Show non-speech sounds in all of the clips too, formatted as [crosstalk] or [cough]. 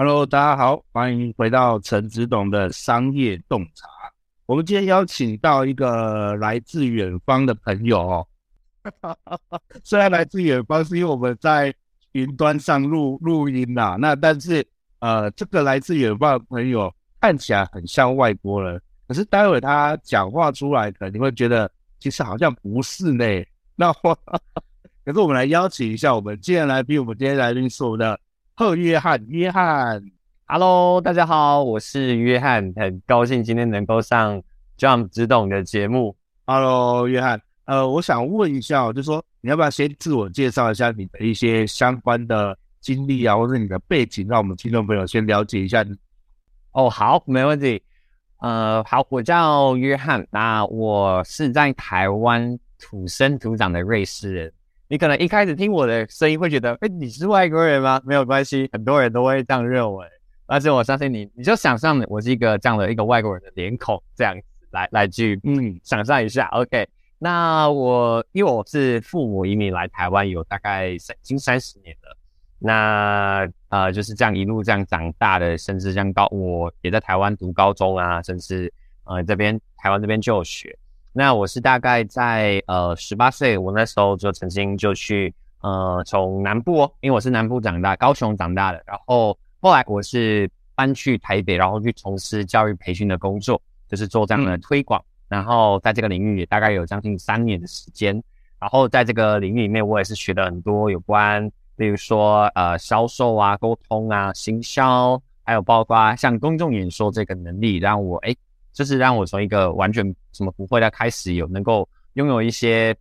Hello，大家好，歡迎回到陳執董的商業洞察。我們今天邀請到一個來自遠方的朋友哦， [laughs] 雖然來自遠方，是因為我們在雲端上錄錄音吶、啊。那但是，呃，這個來自遠方的朋友看起來很像外國人，可是待會他講話出來可能你會覺得其實好像不是呢。那我可是我們來邀請一下，我們今天來賓，我們今天來賓是我們的。賀約翰，約翰，Hello，大家好，我是約翰，很高興今天能夠上 Jump 執董的節目。Hello，約翰，呃，我想問一下，就說你要不要先自我介紹一下你的一些相關的經歷啊，或者你的背景，讓我們聽眾朋友先了解一下？哦，oh, 好，沒問題。呃，好，我叫約翰，那、啊、我是在台灣土生土長的瑞士人。你可能一開始聽我的聲音會覺得，哎、欸，你是外國人嗎？沒有關係，很多人都會這樣認為。但是我相信你，你就想象我是一個這樣的一個外國人的臉孔，這樣子來來去，嗯，想象一下，OK。那我因為我是父母移民來台灣，有大概三，近三十年了。那呃，就是這樣一路這樣長大的，甚至像高，我也在台灣讀高中啊，甚至呃這邊台灣這邊就有學。那我是大概在呃十八歲，我那時候就曾經就去呃從南部，哦，因為我是南部長大，高雄長大的，然後後來我是搬去台北，然後去從事教育培訓的工作，就是做這樣的推廣，嗯、然後在這個領域也大概有將近三年的時間，然後在這個領域裡面，我也是學了很多有關，比如說呃銷售啊、溝通啊、行銷，還有包括像公眾演說這個能力，讓我誒。就是讓我從一個完全什麼不會的開始，有能夠擁有一些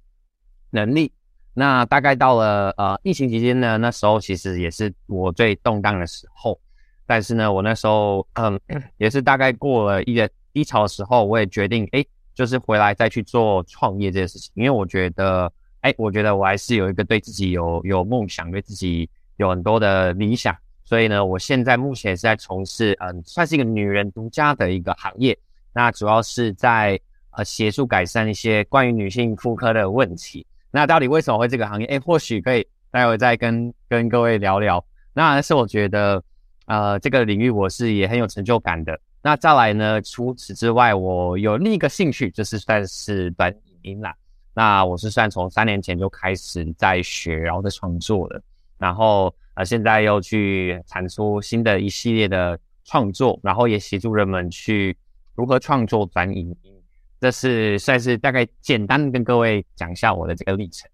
能力。那大概到了呃疫情期間呢，那時候其實也是我最動盪的時候。但是呢，我那時候嗯也是大概過了一個低潮的時候，我也決定哎、欸，就是回來再去做創業這件事情。因為我覺得哎、欸，我覺得我還是有一個對自己有有夢想，對自己有很多的理想。所以呢，我現在目前是在從事嗯，算是一個女人獨家的一個行業。那主要是在呃協助改善一些關於女性婦科的問題。那到底為什麼會這個行業？誒，或許可以待會再跟跟各位聊聊。那是我覺得呃這個領域我是也很有成就感的。那再來呢，除此之外，我有另一個興趣，就是算是本影音啦。那我是算從三年前就開始在學，然後在創作的。然後呃現在又去產出新的一系列的創作，然後也協助人們去。如何創作轉影音？這是算是大概簡單跟各位講一下我的這個歷程。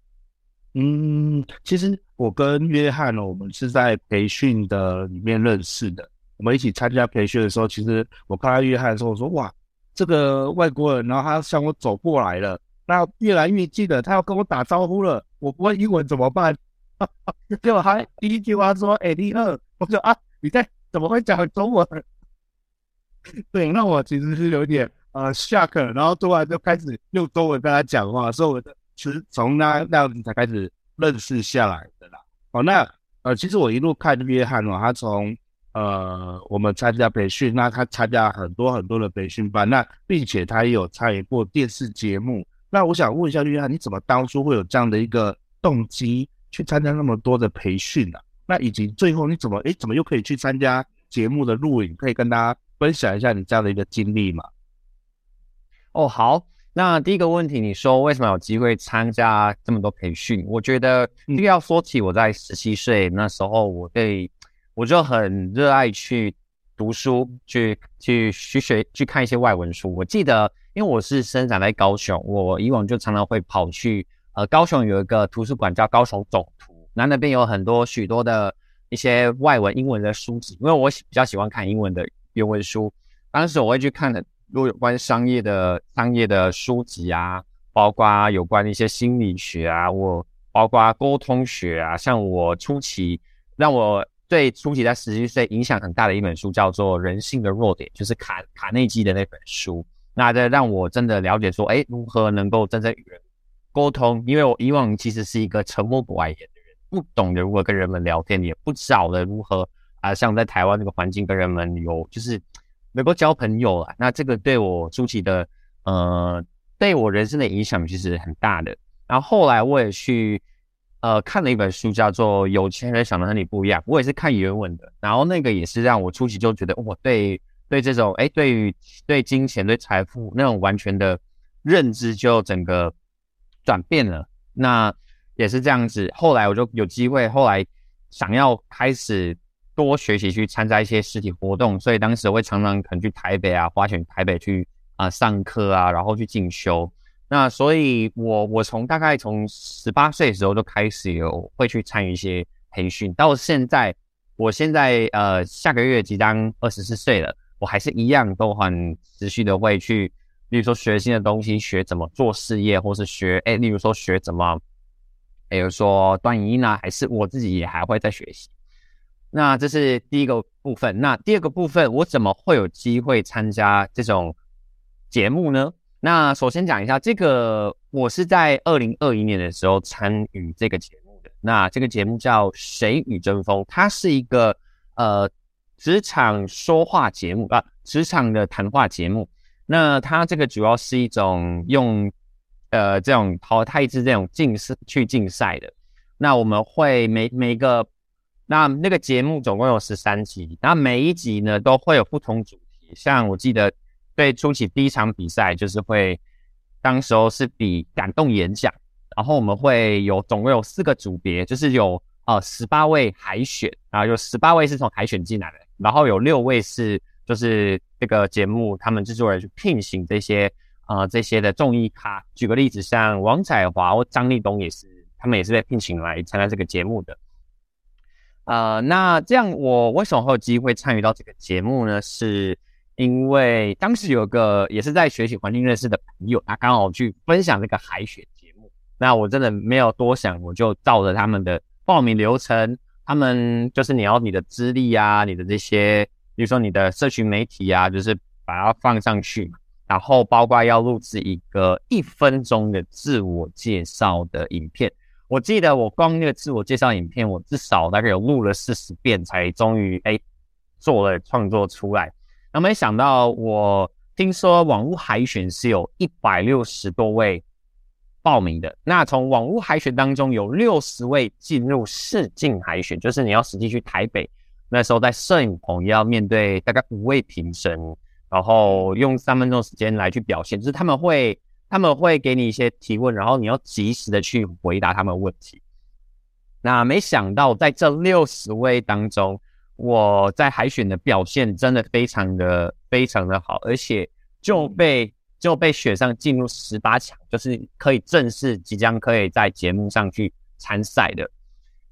嗯，其實我跟約翰呢、哦，我們是在培訓的裡面認識的。我們一起參加培訓的時候，其實我看到約翰的時候，我說哇，這個外國人，然後他向我走過來了，那越來越近了，他要跟我打招呼了，我不會英文怎麼辦？結 [laughs] 果他第一句話說「哩賀！」，我說啊，你在怎麼會講中文？對，那我其實是有點呃下課，shocked, 然後突然就開始用中文跟他講話，所以我其實從那那你、個、才開始認識下來的啦。哦，那呃，其實我一路看約翰哦，他從呃我們參加培訓，那他參加很多很多的培訓班，那並且他也有參與過電視節目。那我想問一下約翰，你怎麼當初會有這樣的一個動機去參加那麼多的培訓呢、啊？那以及最後你怎麼哎怎麼又可以去參加節目的錄影，可以跟大家？分享一下你這樣的一個經歷嘛？哦，好。那第一個問題，你說為什麼有機會參加這麼多培訓？我覺得這個要說起，我在十七歲那時候，我被，我就很熱愛去讀書，去去學學去看一些外文書。我記得，因為我是生長在高雄，我以往就常常會跑去呃，高雄有一個圖書館叫高雄總圖，那那邊有很多許多的一些外文英文的書籍，因為我比較喜歡看英文的。原文書，當時我會去看了，如果有關商業的、商業的書籍啊，包括有關一些心理學啊，我包括溝通學啊。像我初期讓我對初期在十七歲影響很大的一本書，叫做《人性的弱點》，就是卡卡內基的那本書。那這讓我真的了解說，哎，如何能夠真正與人溝通？因為我以往其實是一個沉默寡言的人，不懂得如何跟人們聊天，也不曉得如何。啊，像在台灣這個環境跟人們有，就是能夠交朋友啊，那這個對我初期的，呃，對我人生的影響其實很大的。然後後來我也去，呃，看了一本書，叫做《有錢人想的和你不一樣》，我也是看原文的。然後那個也是讓我初期就覺得，我、哦、對，對這種，哎、欸，對於對金錢、對財富那種完全的認知，就整個轉變了。那也是這樣子。後來我就有機會，後來想要開始。多學習，去參加一些實體活動，所以當時我會常常可能去台北啊，花錢台北去啊，呃、上課啊，然後去進修。那所以我，我我從大概從十八歲的時候就開始有會去參與一些培訓，到現在，我現在呃下個月即將二十四歲了，我還是一樣都很持續的會去，例如說學新的東西，學怎麼做事業，或是學哎，例如說學怎麼，誒比如說段影音啊，還是我自己也還會再學習。那這是第一個部分。那第二個部分，我怎麼會有機會參加這種節目呢？那首先講一下，這個我是在二零二一年的時候參與這個節目的。那這個節目叫《誰與爭鋒》，它是一個呃職場說話節目啊，職場的談話節目。那它這個主要是一種用呃這種淘汰制，這種競賽去競賽的。那我們會每每一個。那那個節目總共有十三集，那每一集呢都會有不同主題。像我記得，對初期第一場比賽就是會，當時候是比感動演講。然後我們會有總共有四個組別，就是有呃十八位海選，啊，然後有十八位是從海選進來的，然後有六位是就是這個節目他們制作人去聘請這些呃這些的綜藝咖。舉個例子，像王彩樺或張立東也是，他們也是被聘請來參加這個節目的。呃，那這樣我為什麼會有機會參與到這個節目呢？是因為當時有一個也是在學習環境認識的朋友，他剛好去分享這個海選節目。那我真的沒有多想，我就照着他們的報名流程，他們就是你要你的資歷啊，你的這些，比如說你的社群媒體啊，就是把它放上去。然後包括要錄制一個一分鐘的自我介紹的影片。我記得我光那個自我介紹影片，我至少大概有錄了四十遍，才終於哎做了創作出來。那沒想到我聽說網路海選是有一百六十多位報名的，那從網路海選當中有六十位進入試鏡海選，就是你要實際去台北，那時候在攝影棚你要面對大概五位評審，然後用三分鐘時間來去表現，就是他們會。他們會給你一些提問，然後你要及時的去回答他們的問題。那沒想到在這六十位當中，我在海選的表現真的非常的非常的好，而且就被就被選上進入十八強，就是可以正式即將可以在節目上去參賽的。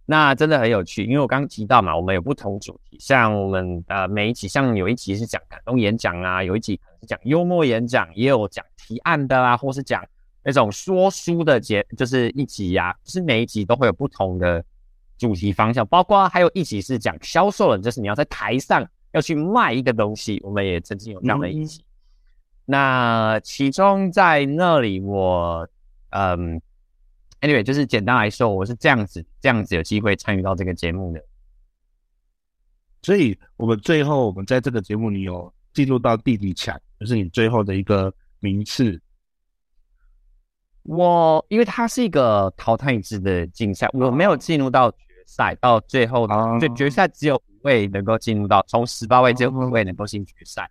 那真的很有趣，因為我剛剛提到嘛，我們有不同主題，像我們呃每一集，像有一集是講感動演講啊，有一集是講幽默演講，也有講提案的啦、啊，或是講那種說書的節，就是一集呀、啊，就是每一集都會有不同的主題方向，包括還有一集是講銷售人，就是你要在台上要去賣一個東西，我們也曾經有這樣的一集。嗯、那其中在那裡我，我嗯。Anyway，就是簡單來說，我是這樣子、這樣子有機會參與到這個節目的。所以，我們最後，我們在這個節目裡有進入到第幾強，就是你最後的一個名次。我，因為它是一個淘汰制的競賽，我沒有進入到決賽。到最後，um, 就決賽只有五位能夠進入到，從十八位只有五位能夠進決賽。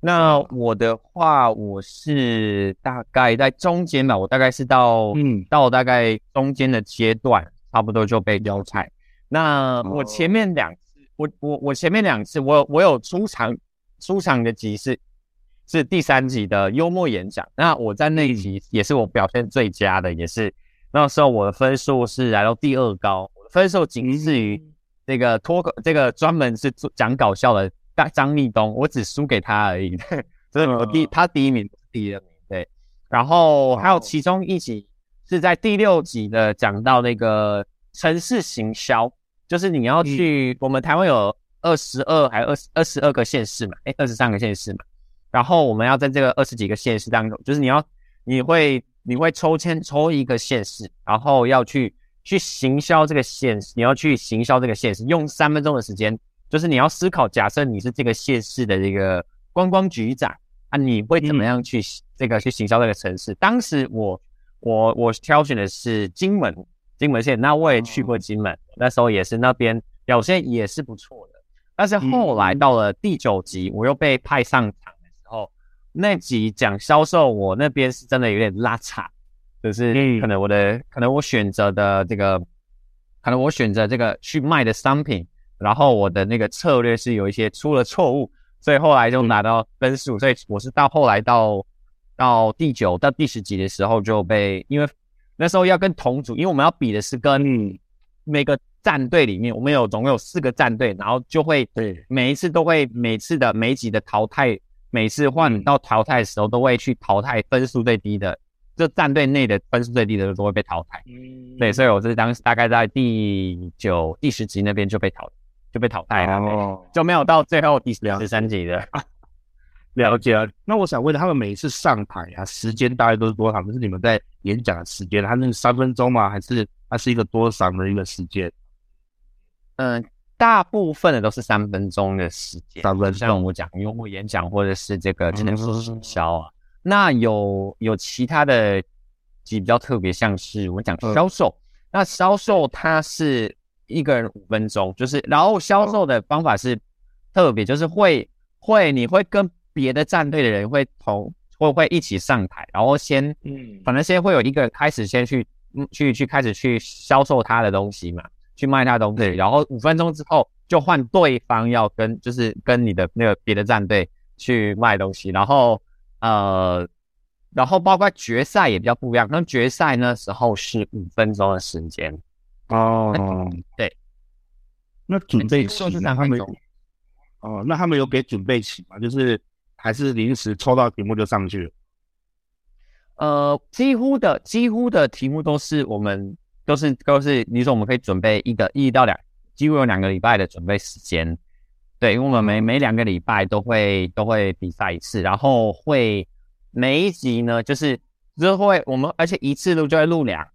那我的話，我是大概在中間吧，我大概是到嗯到大概中間的階段，差不多就被撩菜。那我前面兩次，哦、我我我前面兩次我，我我有出場，出場的集是是第三集的幽默演講。那我在那一集也是我表現最佳的，也是那時候我的分數是來到第二高，分數僅次於這個脫口這個專門是做講搞笑的、張立東，我只輸給他而已，對，所以我第、呃、他第一名，第二名對。然後還有其中一集是在第六集的講到那個城市行銷，就是你要去、嗯、我們台灣有二十二還有二十二個縣市嘛，哎、欸，二十三個縣市嘛。然後我們要在這個二十幾個縣市當中，就是你要你會你會抽籤抽一個縣市，然後要去去行銷這個縣市，你要去行銷這個縣市，用三分鐘的時間。就是你要思考，假設你是這個縣市的這個觀光局長啊，你會怎麼樣去這個去行銷這個城市？嗯、當時我我我挑選的是金門，金門縣，那我也去過金門，哦、那時候也是那邊表現也是不錯的。但是後來到了第九集，嗯、我又被派上場的時候，那集講銷售，我那邊是真的有點拉扯，就是可能我的、嗯、可能我選擇的這個，可能我選擇這個去賣的商品。然後我的那個策略是有一些出了錯誤，所以後來就拿到分數。嗯、所以我是到後來到到第九到第十集的時候就被，因為那時候要跟同組，因為我們要比的是跟每個戰隊裡面，我們有總共有四個戰隊，然後就會每一次都會每次的、嗯、每次的，每一集的淘汰，每次換到淘汰的時候都會去淘汰分數最低的，這戰隊內的分數最低的都會被淘汰。對，所以我是當時大概在第九第十集那邊就被淘汰。就被淘汰了，oh, 就沒有到最後第十三集的了。了解。 [laughs] 了解、啊。那我想問的，他們每一次上台啊，時間大概都是多長？他們是你們在演講的時間？他那是三分鐘嗎？還是它是一個多長的一個時間？嗯，大部分的都是三分鐘的時間。三分鐘我講，因為我演講，或者是這個情緒營銷啊，嗯、那有有其他的比較特別，像是我們講銷售，嗯、那銷售它是。一個人五分鐘，就是，然後銷售的方法是特別，就是會會，你會跟別的戰隊的人會同會會一起上台，然後先嗯，反正先會有一個人開始，先去去去開始去銷售他的東西嘛，去賣他的東西，然後五分鐘之後就換對方要跟就是跟你的那個別的戰隊去賣東西，然後呃，然後包括決賽也比較不一樣，那決賽那時候是五分鐘的時間。Oh, 哦，對，那準備算有哦，那他們有給準備期嗎？就是還是臨時抽到題目就上去了？呃，幾乎的幾乎的題目都是我們都是都是你說我們可以準備一個一到兩，幾乎有兩個禮拜的準備時間。對，因為我們每、嗯、每兩個禮拜都會都會比賽一次，然後會每一集呢就是就是、會我們而且一次錄就會錄兩。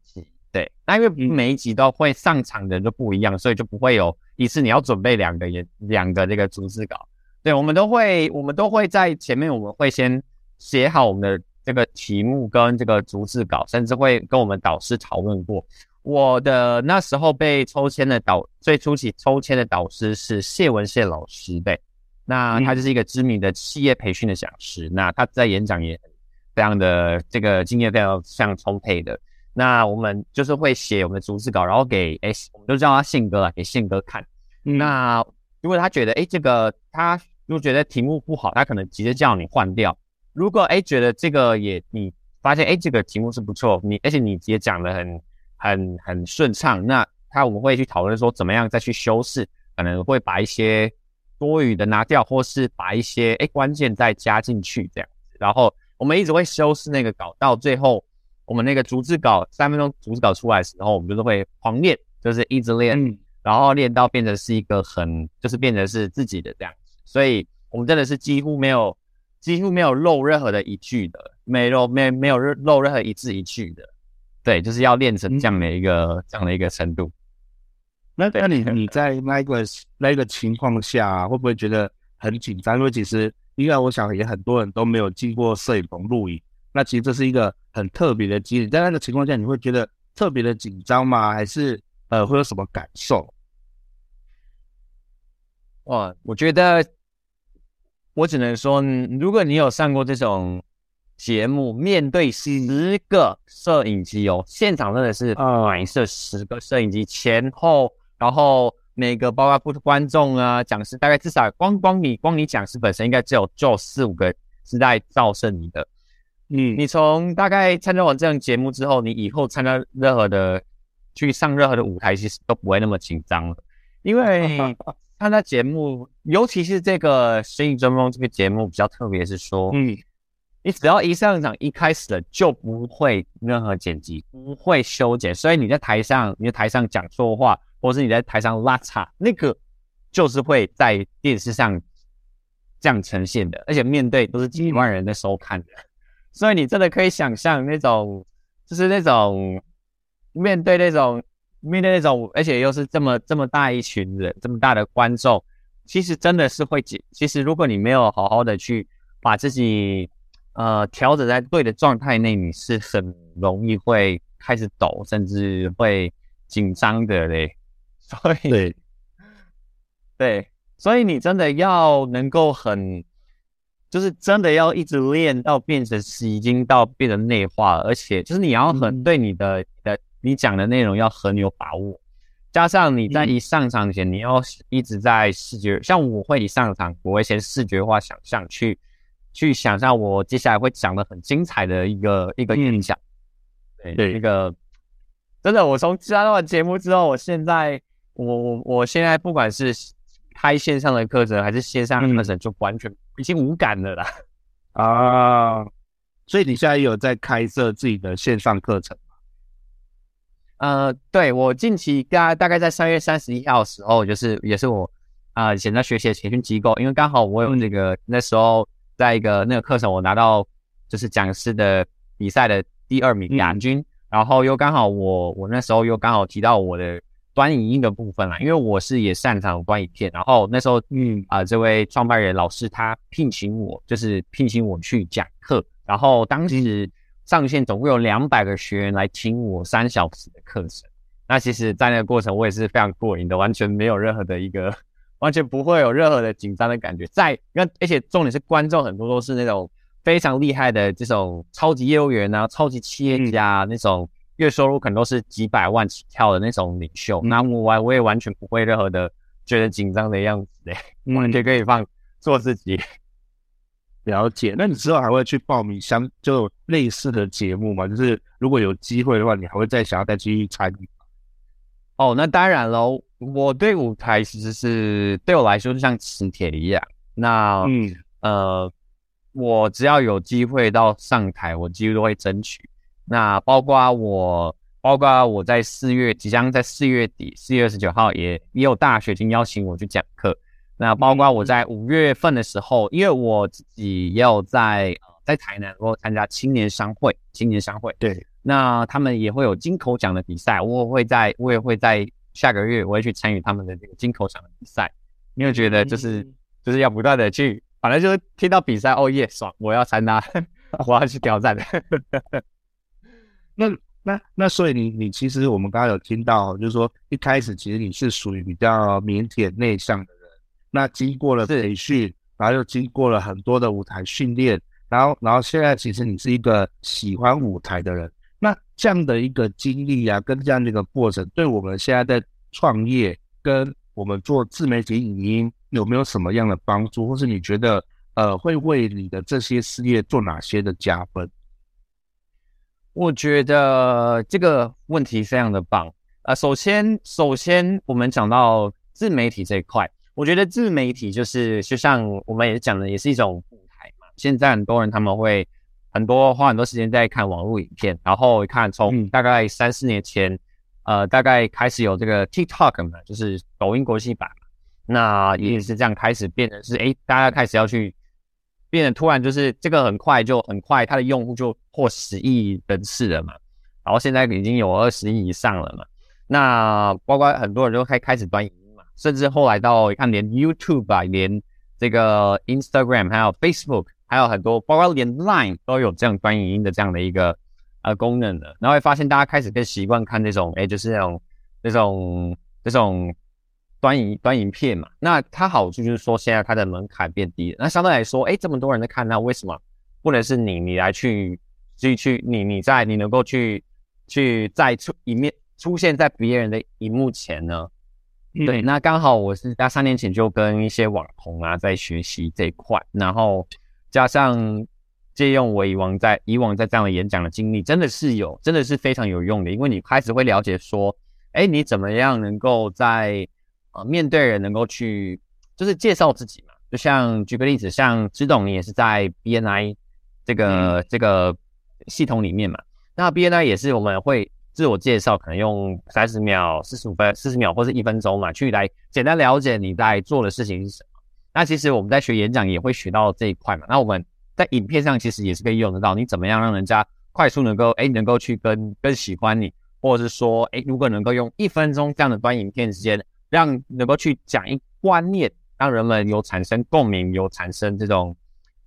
對，那因為每一集都會上場的人都不一樣，嗯、所以就不會有一次你要準備兩個演兩個這個逐字稿。對，我們都會，我們都會在前面，我們會先寫好我們的這個題目跟這個逐字稿，甚至會跟我們導師討論過。我的那時候被抽籤的導最初期抽籤的導師是謝文憲老師，對，那他就是一個知名的企業培訓的講師，嗯、那他在演講也非常的這個經驗非常非常充沛的。那我們就是會寫我們的逐字稿，然後給哎，我、欸、們就叫他信哥啊，給信哥看。嗯、那如果他覺得哎、欸、這個他如果覺得題目不好，他可能直接叫你換掉。如果哎、欸、覺得這個也你發現哎、欸、這個題目是不錯，你而且你直接講得很很很順暢，那他我們會去討論說怎麼樣再去修飾，可能會把一些多餘的拿掉，或是把一些哎、欸、關鍵再加進去這樣子。然後我們一直會修飾那個稿，到最後。我們那個逐字稿，三分鐘逐字稿出來的時候，我們就是會狂練，就是一直練，嗯、然後練到變成是一個很，就是變成是自己的這樣子。所以我們真的是幾乎沒有，幾乎沒有漏任何的一句的，沒有沒沒有漏漏任何一字一句的。對，就是要練成這樣的一個、嗯、這樣的一個程度。那那你 [laughs] 你在那個那個情況下、啊，會不會覺得很緊張？因為其實因為我想也很多人都沒有進過攝影棚錄影。那其實這是一個很特別的經歷，在那個情況下，你會覺得特別的緊張嗎？還是呃，會有什麼感受？哇、哦，我覺得我只能說，如果你有上過這種節目，面對十個攝影機哦，現場真的是啊，設、嗯、十個攝影機前後，然後那個包括觀眾啊、講師，大概至少光光你光你講師本身，應該只有就四五個是在照射你的。嗯，你從大概參加完這樣節目之後，你以後參加任何的去上任何的舞台，其實都不會那麼緊張了。因為參加節目，嗯嗯嗯，尤其是這個《聲音追夢》這個節目比較特別，是說，嗯，你只要一上場，一開始了就不會任何剪輯，不會修剪，所以你在台上，你在台上講錯話，或是你在台上拉岔，那個就是會在電視上這樣呈現的，而且面對都是幾萬人在收看的。嗯嗯所以你真的可以想象那種，就是那種面對那種面對那種，而且又是這麼這麼大一群人，這麼大的觀眾，其實真的是會緊。其實如果你沒有好好的去把自己呃調整在對的狀態內，你是很容易會開始抖，甚至會緊張的嘞。所以，對，對，所以你真的要能夠很。就是真的要一直練到變成，已經到變成內化，而且就是你要很對你的、嗯、的你講的內容要很有把握，加上你在一上場前你要一直在視覺，嗯、像我會一上場，我會先視覺化想象去去想象我接下來會講得很精彩的一個、嗯、一個印象，對一對、那個真的，我從參加了節目之後，我現在我我我現在不管是。拍線上的課程還是線上課程，嗯、就完全已經無感了啦 [laughs] 啊！所以你現在有在開設自己的線上課程嗎？呃，對我近期大、大概在三月三十一號的時候，就是也是我啊、呃、以前在學習的培訓機構，因為剛好我有那，這個、嗯、那時候在一個那個課程，我拿到就是講師的比賽的第二名亞軍，嗯、然後又剛好我我那時候又剛好提到我的。短影音的部分啦，因為我是也擅長短影片，然後那時候嗯啊、呃，這位創辦人老師他聘請我，就是聘請我去講課，然後當時上線總共有兩百個學員來聽我三小時的課程，那其實在那個過程我也是非常過癮的，完全沒有任何的一個，完全不會有任何的緊張的感覺，在那而且重點是觀眾很多都是那種非常厲害的這種超級業務員啊，超級企業家、啊嗯、那種。月收入可能都是幾百萬起跳的那種領袖，那、嗯、我完我也完全不會任何的覺得緊張的樣子嘞，完全可以放、嗯、做自己 [laughs] 了解。那你之後還會去報名相就類似的節目嗎？就是如果有機會的話，你還會再想要再繼續參與嗎？哦，那當然嘍！我對舞台其實是對我來說就像磁鐵一樣。那、嗯、呃，我只要有機會到上台，我幾乎都會爭取。那包括我，包括我在四月即將在四月底四月二十九號，也也有大學已經邀請我去講課。那包括我在五月份的時候，嗯、因為我自己要在在台南，我參加青年商會青年商會。對，那他們也會有金口獎的比賽，我會在我也會在下個月，我會去參與他們的這個金口獎的比賽。因為覺得就是、嗯、就是要不斷的去，反正就是聽到比賽哦耶、yeah, 爽，我要參加， [laughs] 我要去挑戰。 [laughs] 那那那，那那所以你你，其實我們剛剛有聽到哦，就是說一開始其實你是屬於比較靦腆、腆內向的人，那經過了培訓，然後又經過了很多的舞台訓練，然後然後現在其實你是一個喜歡舞台的人。那這樣的一個經歷啊，跟這樣的一個過程，對我們現在的創業跟我們做自媒體、影音有沒有什麼樣的幫助，或是你覺得呃會為你的這些事業做哪些的加分？我覺得這個問題非常的棒。呃，首先，首先我們講到自媒體這一塊，我覺得自媒體就是就像我們也講的，也是一種舞台嘛。現在很多人他們會很多花很多時間在看網絡影片，然後看從大概三四年前，呃，大概開始有這個 TikTok 嘛，就是抖音國際版嘛，那也是這樣開始變成是，誒，大家開始要去。變得突然就是這個很快就很快，它的用戶就破十億人次了嘛，然後現在已經有二十億以上了嘛。那包括很多人都開開始短影音嘛，甚至後來到看連 YouTube 啊，連這個 Instagram 還有 Facebook，還有很多包括連 Line 都有這樣短影音的這樣的一個呃、啊、功能的。然後會發現大家開始更習慣看那種哎，就是那種那種這種。短影短影片嘛，那它好處就是說，現在它的門檻變低了。那相對來說，哎、欸，這麼多人在看到，那為什麼不能是你你來去去去你你在你能夠去去再出一面出現在別人的熒幕前呢？嗯、對，那剛好我是在三年前就跟一些網紅啊在學習這一塊，然後加上借用我以往在以往在這樣的演講的經歷，真的是有真的是非常有用的，因為你開始會了解說，哎、欸，你怎麼樣能夠在啊，呃、面對人能夠去就是介紹自己嘛，就像舉個例子，像執董你也是在 BNI 這個、嗯、這個系統裡面嘛，那，那 BNI 也是我們會自我介紹，可能用三十秒、四十五、四十秒或是一分鐘嘛，去來簡單了解你在做的事情是什麼。那其實我們在學演講也會學到這一塊嘛，那我們在影片上其實也是可以用得到，你怎麼樣讓人家快速能夠哎能夠去跟更喜歡你，或者是說哎如果能夠用一分鐘這樣的短影片時間。讓能夠去講一觀念，讓人們有產生共鳴，有產生這種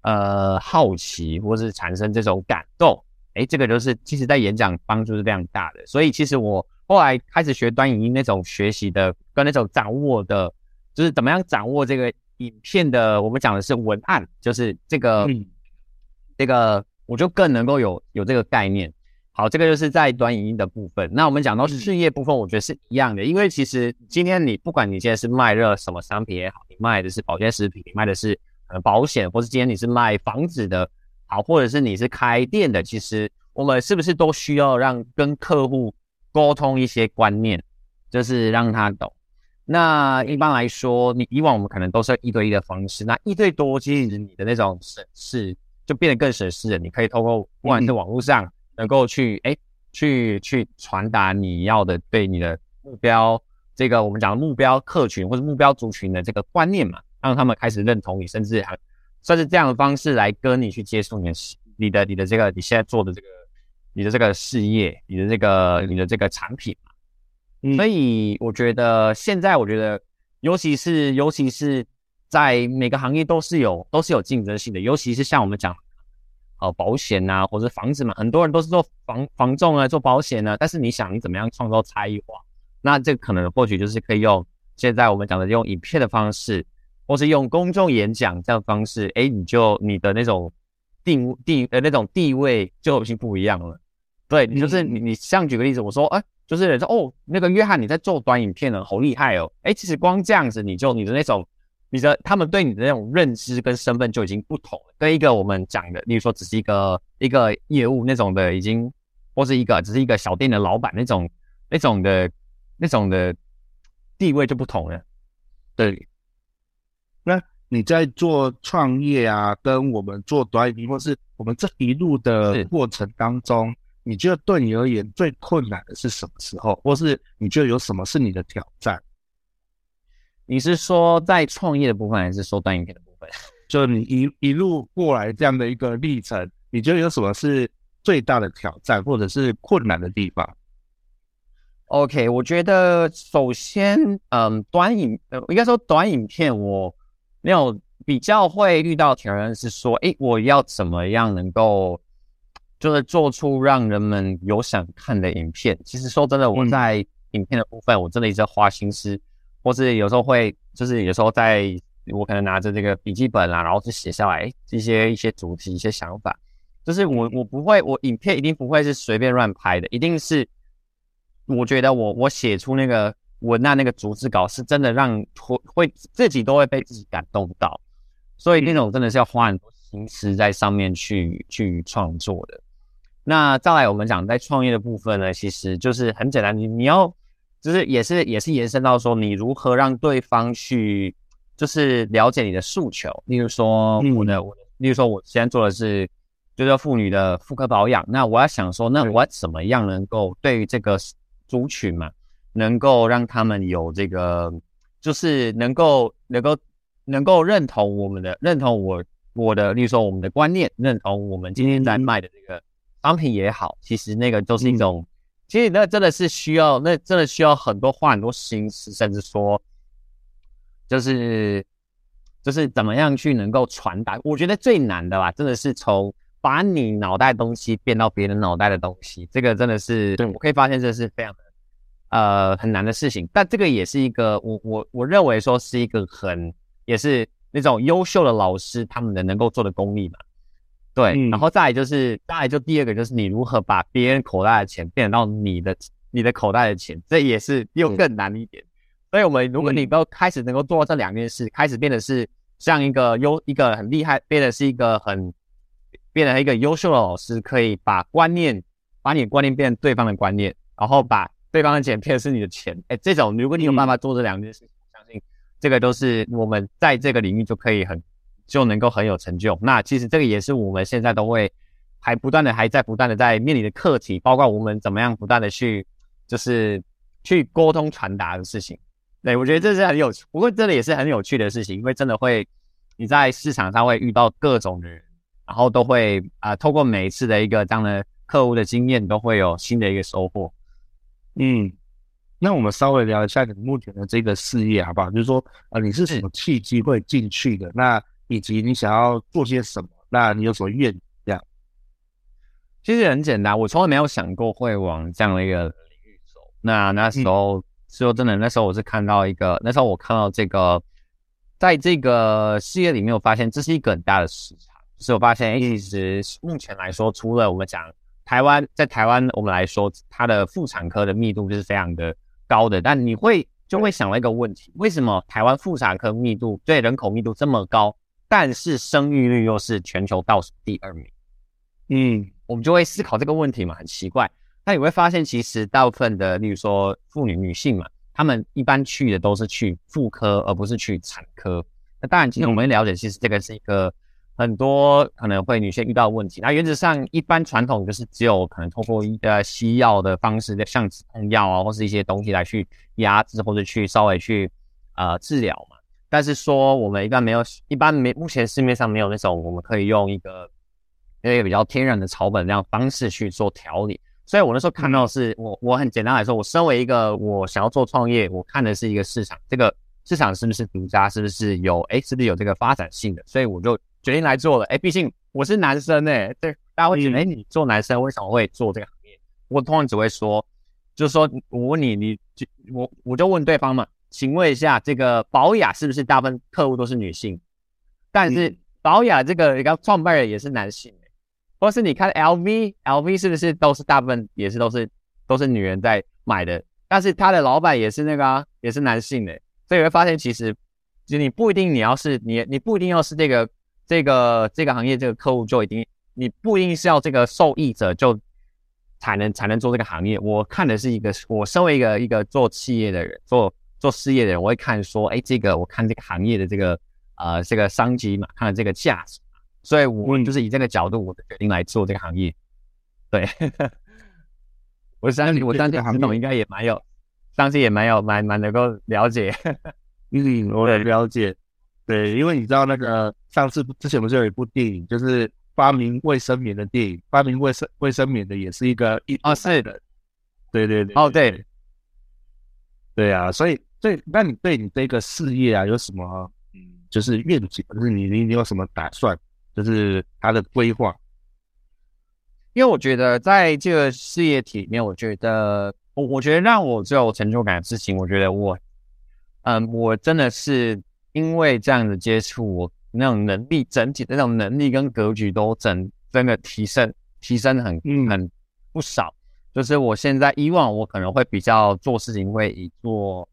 呃好奇，或是產生這種感動，誒，這個就是其實在演講幫助是非常大的。所以其實我後來開始學短影音那種學習的跟那種掌握的，就是怎麼樣掌握這個影片的，我們講的是文案，就是這個、嗯、這個，我就更能夠有有這個概念。好，這個就是在短影音的部分。那我們講到事業部分，我覺得是一樣的，因為其實今天你不管你現在是賣熱什麼商品也好，你賣的是保健食品，你賣的是呃保險，或是今天你是賣房子的，好，或者是你是開店的，其實我們是不是都需要讓跟客戶溝通一些觀念，就是讓他懂。那一般來說，你以往我們可能都是一對一的方式，那一對多，其實你的那種省事就變得更省事了。你可以通過不管是網絡上。能夠去哎、欸，去去傳達你要的對你的目標，這個我們講的目標客群或者目標族群的這個觀念嘛，讓他們開始認同你，甚至還算是這樣的方式來跟你去接觸你的事，你的你的這個你現在做的這個，你的這個事業，你的這個、嗯、你的這個產品嘛。嗯、所以我覺得現在，我覺得尤其是尤其是在每個行業都是有都是有競爭性的，尤其是像我們講。呃，保險吶、啊，或者房子嘛，很多人都是做房房仲啊，做保險啊。但是你想，你怎麼樣創造差異化？那這可能或許就是可以用現在我們講的用影片的方式，或是用公眾演講這樣方式。哎、欸，你就你的那種定定呃那種地位就已經不一樣了。對，你就是你你像舉個例子，我說哎、欸，就是人說哦，那個約翰你在做短影片呢，好厲害哦。哎、欸，其實光這樣子，你就你的那種。你的他們對你的那種認知跟身份就已經不同了，跟一個我們講的，例如說只是一個一個業務那種的，已經，或是一個只是一個小店的老闆那種那種的那種的地位就不同了。對，那你在做創業啊，跟我們做短視頻，或是我們這一路的過程當中，是你覺得對你而言最困難的是什麼時候，或是你覺得有什麼是你的挑戰？你是說在創業的部分，還是說短影片的部分？就你一一路過來這樣的一個歷程，你覺得有什麼是最大的挑戰，或者是困難的地方？OK，我覺得首先，嗯，短影，呃，應該說短影片，我沒有比較會遇到挑戰是說，哎、欸，我要怎麼樣能夠就是做出讓人們有想看的影片？其實說真的，我在影片的部分，嗯、我真的一直花心思。或是有時候會，就是有時候在，我可能拿着這個筆記本啊，然後去寫下來一些一些主題、一些想法。就是我我不會，我影片一定不會是隨便亂拍的，一定是我覺得我我寫出那個我那那個逐字稿是真的讓會會自己都會被自己感動到，所以那種真的是要花很多心思在上面去去創作的。那再來我們講在創業的部分呢，其實就是很簡單，你你要。就是也是也是延伸到說，你如何讓對方去就是了解你的訴求？例如說，我的、嗯、我的例如說，我現在做的是就是婦女的婦科保養。那我要想說，那我怎麼樣能夠對於這個族群嘛，嗯、能夠讓他們有這個，就是能夠能夠能夠認同我們的認同我我的，例如說我們的觀念，認同我們今天在賣的這個商品也好，嗯、其實那個都是一種、嗯。其實那真的是需要，那真的需要很多花很多心思，甚至說，就是就是怎麼樣去能夠傳達。我覺得最難的吧，真的是從把你腦袋的東西變到別人腦袋的東西，這個真的是對我可以發現，這是非常的呃很難的事情。但這個也是一個我我我認為說是一個很也是那種優秀的老師他們能能夠做的功力嘛。對，嗯、然後再來就是，再來就第二個就是，你如何把別人口袋的錢變成到你的、你的口袋的錢，這也是又更難一點。嗯、所以我們如果你都開始能夠做到這兩件事，嗯、開始變得是像一個優一個很厲害，變得是一個很變成一個優秀的老師，可以把觀念，把你的觀念變成對方的觀念，然後把對方的錢變成是你的錢。哎，這種如果你有辦法做這兩件事情，嗯、我相信這個都是我們在這個領域就可以很。就能夠很有成就。那其實這個也是我們現在都會還不斷的還在不斷的在面臨的課題，包括我們怎麼樣不斷的去就是去溝通傳達的事情。對，我覺得這是很有趣，不過這個也是很有趣的事情，因為真的會你在市場上會遇到各種的人，然後都會啊、呃，透過每一次的一個這樣的客戶的經驗，都會有新的一個收穫。嗯，那我們稍微聊一下你目前的這個事業好不好？就是說，啊，你是什麼契機會進去的？嗯、那以及你想要做些什麼？那你有所願意，這樣其實很簡單，我從來沒有想過會往這樣的一個領域走。嗯、那那時候，嗯、說真的，那時候我是看到一個，那時候我看到這個，在這個事業裡面，我發現這是一個很大的市場。所以我發現，其實目前來說，除了我們講台灣，在台灣我們來說，它的婦產科的密度就是非常的高的。但你會就會想到一個問題：對為什麼台灣婦產科密度對人口密度這麼高？但是生育率又是全球倒數第二名，嗯，我們就會思考這個問題嘛，很奇怪。那你會發現，其實大部分的，例如說婦女、女性嘛，她們一般去的都是去婦科，而不是去產科。那當然，其實我們會了解，其實這個是一個很多可能會女性遇到的問題。那原則上，一般傳統就是只有可能通過呃西藥的方式的，像止痛藥啊，或是一些東西來去壓制，或者去稍微去呃治療嘛。但是說，我們一般沒有，一般沒，目前市面上沒有那種我們可以用一個，那個比較天然的草本這樣方式去做調理。所以我那時候看到，是我我很簡單來說，我身為一個我想要做創業，我看的是一個市場，這個市場是不是獨家，是不是有，哎，是不是有這個發展性的？所以我就決定來做了。哎，畢竟我是男生，哎，對，大家會覺得，哎，你做男生為什麼會做這個行業？我通常只會說，就是說我問你，你就我我就問對方嘛。請問一下，這個寶雅是不是大部分客戶都是女性？但是寶、嗯、雅這個，你剛創辦人也是男性，或是你看 LV，LV 是不是都是大部分也是都是都是女人在買的？但是他的老闆也是那個、啊、也是男性誒，所以你會發現其，其實就你不一定，你要是你你不一定要是這個這個這個行業，這個客戶就一定你不一定是要這個受益者就才能才能做這個行業。我看的是一個，我身為一個一個做企業的人做，做事業的人，我會看說，哎、欸，這個我看這個行業的這個，呃，這個商機嘛，看了這個價值嘛，所以我就是以這個角度，我決定來做這個行業。對， [laughs] 我相信，我相信林總應該也蠻有，相信也蠻有，蠻蠻能夠了解。嗯， [laughs] 我也了解。對，因為你知道那個上次之前不是有一部電影，就是發明衛生棉的電影，發明衛生衛生棉的也是一個一啊是的，哦、是對對對哦，哦對，對啊，所以。對，那你對你這個事業啊，有什麼嗯，就是願景，就是你你你有什麼打算，就是他的規劃？因為我覺得在這個事業體裡面，我覺得我我覺得讓我最有成就感的事情，我覺得我嗯，我真的是因為這樣的接觸我，我那種能力整體那種能力跟格局都整真的提升提升很、嗯、很不少。就是我現在以往我可能會比較做事情會以做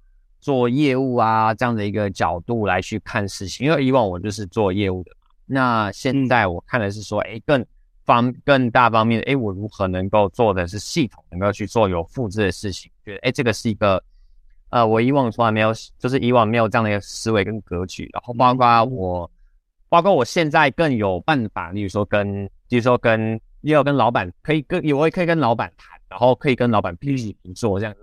做業務啊，這樣的一個角度來去看事情，因為以往我就是做業務的嘛。那現在我看的是說，哎，更方更大方面，哎，我如何能夠做的是系統，能夠去做有複製的事情？覺得哎、欸，這個是一個，呃，我以往從來沒有，就是以往沒有這樣的一個思維跟格局。然後包括我，包括我現在更有辦法，例如說跟，比如說跟，要跟老闆可以跟，也可以跟老闆談，然後可以跟老闆 PPT 做這樣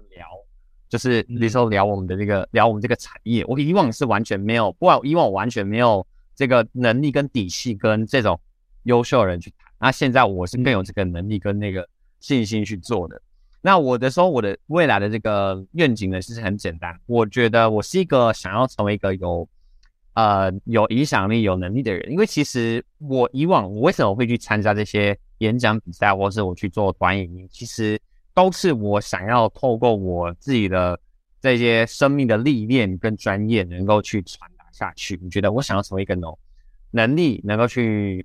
就是比如說聊我們的這個、嗯、聊我們這個產業，我以往是完全沒有，不管以往我完全沒有這個能力跟底氣跟這種優秀的人去談，那現在我是更有這個能力跟那個信心去做的。嗯、那我的時候我的未來的這個願景呢，其實很簡單，我覺得我是一個想要成為一個有呃有影響力有能力的人，因為其實我以往我為什麼我會去參加這些演講比賽，或者是我去做短影音，其實。都是我想要透過我自己的這些生命的歷練跟專業，能夠去傳達下去。我覺得我想要成為一個能能力，能夠去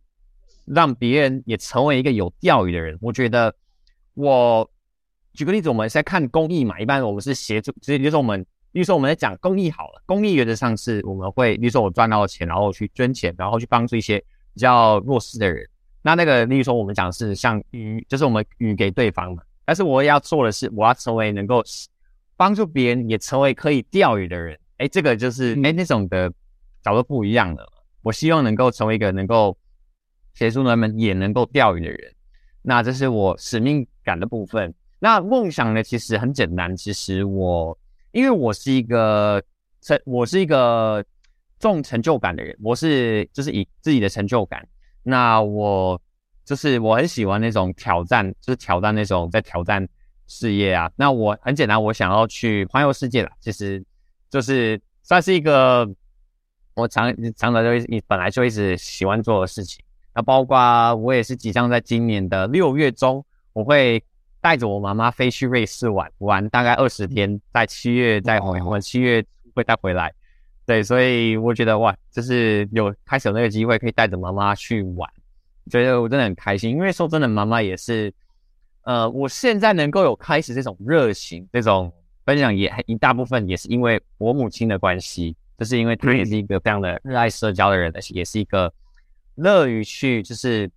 讓別人也成為一個有釣魚的人。我覺得我舉個例子，我們是在看公益嘛。一般我們是協助，其實就是比如說我們，比如說我們在講公益好了。公益原則上是我們會，比如說我賺到錢，然後去捐錢，然後去幫助一些比較弱勢的人。那那個，例如說我們講是像魚，就是我們魚給對方嘛。但是我要做的是，我要成為能夠幫助別人，也成為可以釣魚的人。哎、欸，這個就是沒、嗯欸、那種的角度不,不一樣了。我希望能夠成為一個能夠協助他們也能夠釣魚的人。那這是我使命感的部分。那夢想呢？其實很簡單。其實我因為我是一個成，我是一個重成就感的人。我是就是以自己的成就感。那我。就是我很喜歡那種挑戰，就是挑戰那種在挑戰事業啊。那我很簡單，我想要去環遊世界啦。其實就是算是一個我常常的就一本來就一直喜歡做的事情。那包括我也是即將在今年的六月中，我會帶着我媽媽飛去瑞士玩玩大概二十天，在七月再回我七月會再回來。對，所以我覺得哇，就是有開始有那個機會可以帶着媽媽去玩。覺得我真的很開心，因為說真的，媽媽也是，呃，我現在能夠有開始這種熱情、這種分享也，也一大部分也是因為我母親的關係，就是因為她也是一個非常的熱愛社交的人，嗯、也是一個樂於去，就是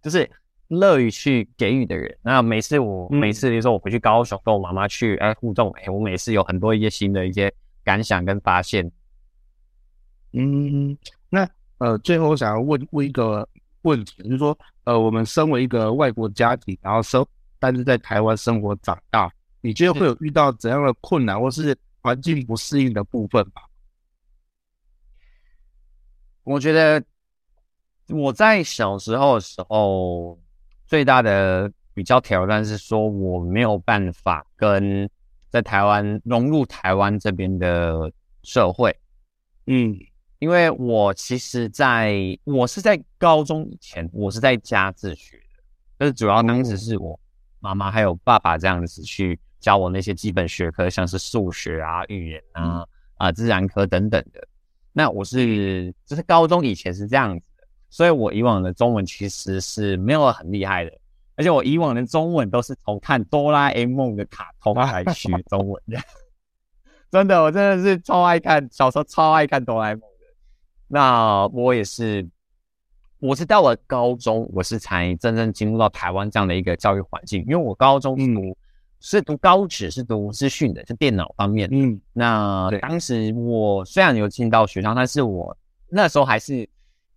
就是樂於去給予的人。那每次我、嗯、每次比如說我回去高雄跟我媽媽去、哎、互動，哎，我每次有很多一些新的一些感想跟發現。嗯，那呃，最後我想要問問一個，問題就是說，呃，我們身為一個外國家庭，然後生，但是在台灣生活長大，你覺得會有遇到怎樣的困難，是或是環境不適應的部分吧？我覺得我在小時候的時候，最大的比較挑戰是說，我沒有辦法跟在台灣融入台灣這邊的社會，嗯。因為我其實在，在我是在高中以前，我是在家自學的。就是主要當時是我媽媽還有爸爸這樣子去教我那些基本學科，像是數學啊、語言啊、啊、呃、自然科等等的。那我是就是高中以前是這樣子的，所以我以往的中文其實是沒有很厲害的。而且我以往的中文都是從看哆啦 A 夢的卡通開始學中文的。 [laughs] 真的，我真的是超愛看，小時候超愛看哆啦 A 夢。那我也是，我是到了高中，我是才真正進入到台灣這樣的一個教育環境。因為我高中是讀是讀高職，是讀資訊的，是電腦方面的。嗯。那當時我雖然有進到學校，但是我那時候還是，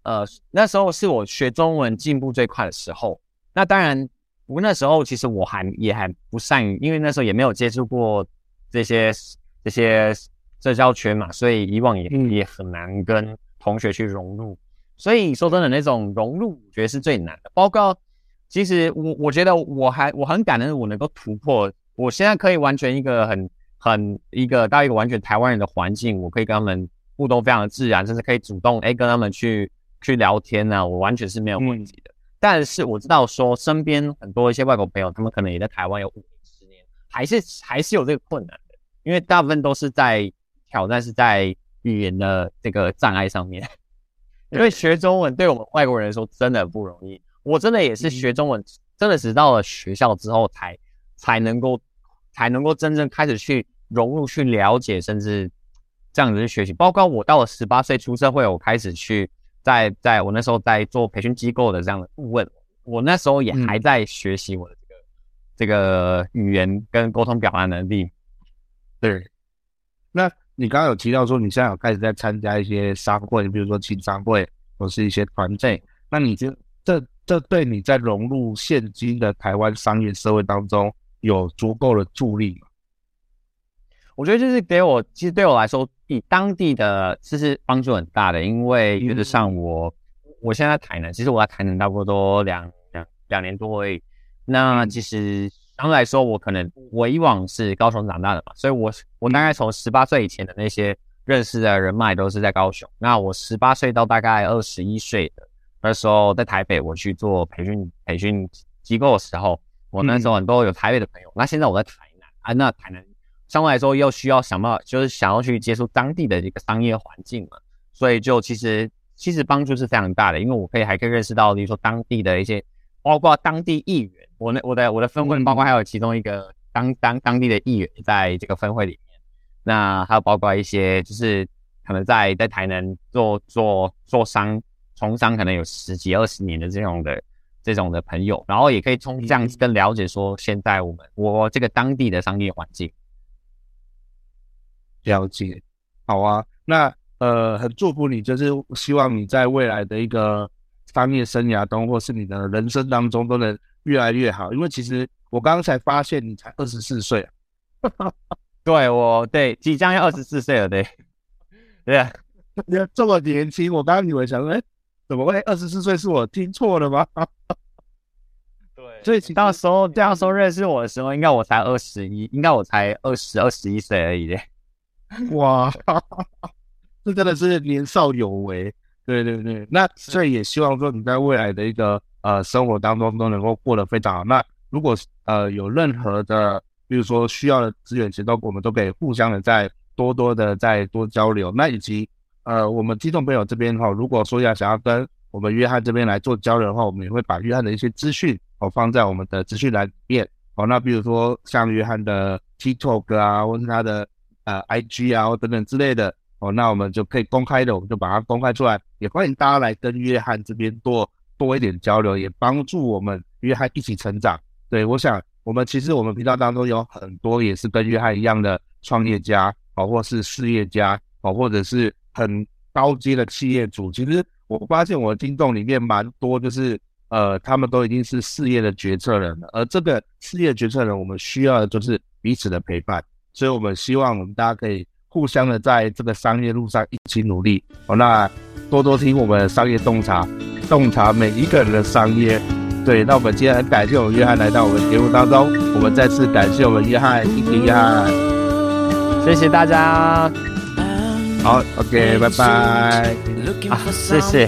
呃，那時候是我學中文進步最快的時候。那當然，我那時候其實我還也還不善於，因為那時候也沒有接觸過這些這些社交圈嘛，所以以往也、嗯、也很難跟。同學去融入，所以說真的那種融入，我覺得是最難的。包括其實我，我覺得我還我很感恩，我能夠突破。我現在可以完全一個很很一個到一個完全台灣人的環境，我可以跟他們互動非常的自然，甚至可以主動哎跟他們去去聊天啊，我完全是沒有問題的。嗯、但是我知道說身邊很多一些外國朋友，他們可能也在台灣有五年、十年，還是還是有這個困難的，因為大部分都是在挑戰，是在。語言的這個障礙上面，因為學中文對我們外國人來說真的很不容易。我真的也是學中文，真的是到了學校之後才才能夠才能夠真正開始去融入、去了解，甚至這樣子去學習。包括我到了十八歲出社會，我開始去在在我那時候在做培訓機構的這樣的顧問，我那時候也還在學習我的這個這個語言跟溝通表達能力。對，那。你剛剛有提到說，你現在有開始在參加一些商會，你比如說青商會或是一些團隊，那你就這這對你在融入現今的台灣商業社會當中有足夠的助力嗎？我覺得這是給我，其實對我來說，以當地的其實幫助很大的，因為事實上我我現在在台南，其實我在台南差不多兩兩,兩年多而已，那其實。相對來說，我可能我以往是高雄長大的嘛，所以我我大概從十八歲以前的那些認識的人脈都是在高雄。那我十八歲到大概二十一歲的那時候，在台北我去做培訓培訓機構的時候，我那時候很多有台北的朋友，嗯。那現在我在台南啊，那台南相對來說又需要想到，就是想要去接觸當地的一個商業環境嘛，所以就其實其實幫助是非常大的，因為我可以還可以認識到，比如說當地的一些，包括當地議員。我那我的我的分會包括還有其中一個當當當地的議員在這個分會裡面，那還有包括一些就是可能在在台南做做做商從商可能有十幾二十年的這種的這種的朋友，然後也可以從這樣子更了解說現在我們我這個當地的商業環境，了解好啊，那呃很祝福你，就是希望你在未來的一個商業生涯中或是你的人生當中都能。越來越好，因為其實我剛剛才發現你才二十四歲， [laughs] 對，我，對，即將要二十四歲了嘞，對，你這麼年輕，我剛剛以為想說，哎，怎麼會二十四歲是我聽錯了嗎？對，所以其他時候，嗯，這樣說認識我的時候，應該我才二十一，應該我才二十二十一歲而已嘞。 [laughs] 哇，這真的是年少有為，對對對，那所以也希望說你在未來的一個。呃，生活當中都能夠過得非常好。那如果呃有任何的，比如說需要的資源，其實都我們都可以互相的再多多的再多交流。那以及呃，我們聽眾朋友這邊的話，如果說要想要跟我們約翰這邊來做交流的話，我們也會把約翰的一些資訊哦放在我們的資訊欄裡面哦。那比如說像約翰的 TikTok 啊，或是他的呃 IG 啊等等之類的哦，那我們就可以公開的，我們就把它公開出來，也歡迎大家來跟約翰這邊做。多一點交流，也幫助我們約翰一起成長。對我想，我們其實我們頻道當中有很多也是跟約翰一樣的創業家，包括是事業家、哦、或者是很高階的企業主。其實我發現我的聽眾裡面蠻多，就是呃，他們都已經是事業的決策人了。而這個事業決策人，我們需要的就是彼此的陪伴。所以，我們希望我們大家可以互相的在這個商業路上一起努力好、哦，那多多聽我們商業洞察。洞察每一個人的商業，對，那我們今天很感謝我們約翰來到我們節目當中，我們再次感謝我們約翰，謝謝約翰，謝謝大家，I 'm 好，OK，拜拜，啊，謝謝。